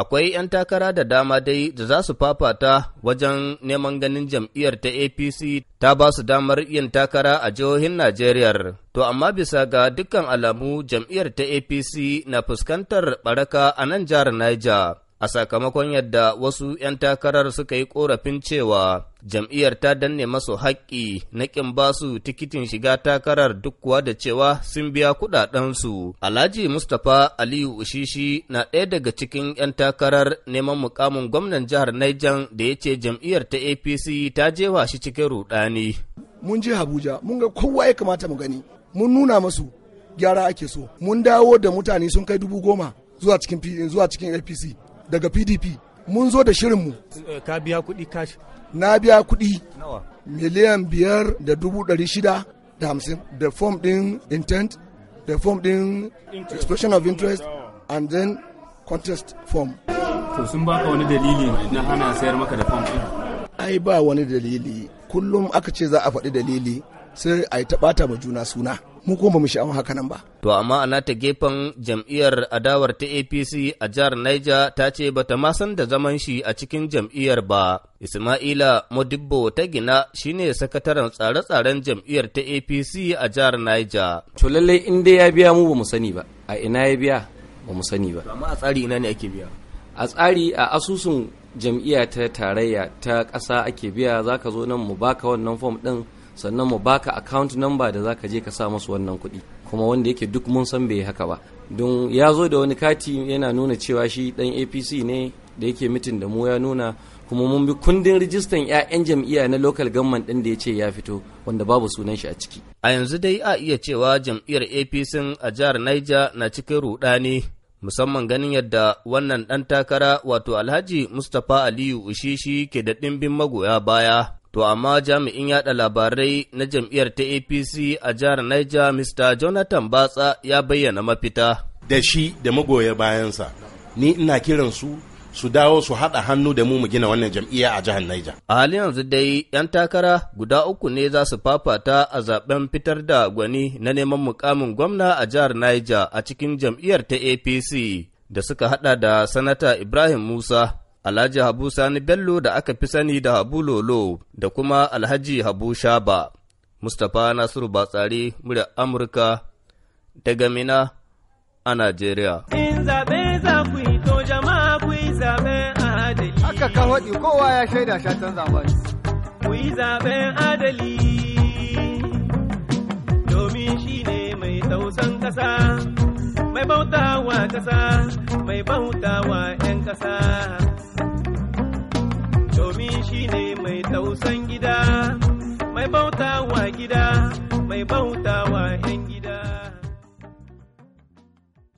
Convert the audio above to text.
Akwai ‘yan takara da dama dai da za su fafata wajen neman ganin jam'iyyar ta APC ta ba su damar yin takara a jihohin Najeriya. To, amma bisa ga dukkan alamu jam'iyyar ta APC na fuskantar ɓaraka a nan jihar Niger, a sakamakon yadda wasu ‘yan takarar suka yi ƙorafin cewa jam'iyyar ta danne masu haƙƙi na ƙin basu tikitin shiga takarar duk kuwa da cewa sun biya kuɗaɗensu. Alhaji Mustapha Aliyu Ushishi na ɗaya daga cikin 'yan takarar neman mukamin gwamnan jihar Naijan da ya ce jam'iyyar ta APC ta jewa shi cikin ruɗani. Mun je Abuja, mun ga kowa ya kamata mu gani, mun nuna masu gyara ake so, mun dawo da mutane sun kai dubu goma zuwa cikin APC daga PDP. mun zo da shirinmu. Eh, ka biya kuɗi kashi? Na biya kuɗi. Nawa? Miliyan biyar da dubu ɗari shida da hamsin. Da form ɗin intent, da form ɗin expression of interest, and then contest form. To sun baka wani dalili na hana sayar maka da form ɗin? Ai ba wani dalili. Kullum aka ce za a faɗi dalili sai a yi taɓata ma juna suna. mu kuma mu sha'awar haka nan ba. To amma a nata gefen jam'iyyar adawar ta APC a jihar Niger ta ce bata ma san da zaman shi a cikin jam'iyyar ba. Ismaila Modibbo ta gina shine sakataren tsare-tsaren jam'iyyar ta APC a jihar Niger. To lallai in dai ya biya mu ba mu sani ba. A ina ya biya ba mu sani ba. Amma a tsari ina ne ake biya? A tsari a asusun jam'iyya ta tarayya ta ƙasa ake biya za ka zo nan mu baka wannan fom ɗin sannan mu baka account number da zaka je ka sa masu wannan kuɗi kuma wanda yake duk mun san bai haka ba don ya zo da wani kati yana nuna cewa shi dan apc ne da yake mitin da mu ya nuna kuma mun bi kundin rijistan 'ya'yan jam'iyya na local government ɗin da ya ce ya fito wanda babu sunan shi a ciki. A yanzu dai a iya cewa jam'iyyar APC a jihar Niger na cikin rudani musamman ganin yadda wannan dan takara wato Alhaji Mustapha Aliyu Ushishi ke da ɗimbin magoya baya To amma jami'in yada labarai na jam'iyyar ta APC a jihar Niger Mr. Jonathan Batsa ya bayyana mafita. Da shi da magoya bayansa, ni ina kiran su su dawo su haɗa hannu da mu mu gina wannan jam'iyya a jihar Niger. A halin yanzu dai 'yan takara guda uku ne za su fafata a zaben fitar da gwani na neman mukamin gwamna a jihar Niger a cikin jam'iyyar ta APC da suka haɗa da Sanata Ibrahim Musa Alhaji Habu Sani Bello da aka fi sani da Habu Lolo da kuma Alhaji Habu Shaba. Mustapha Nasiru Batsari, murya Amurka daga Mina a Najeriya. In zaɓe za ku yi to jama'a ku yi zaɓen adali. Haka ka kowa ya shaida shatan zaɓen. Ku yi zaɓen adali domin shi ne mai tausan ƙasa, mai bautawa ƙasa, mai bautawa 'yan ƙasa. kusan gida mai bauta wa gida mai bauta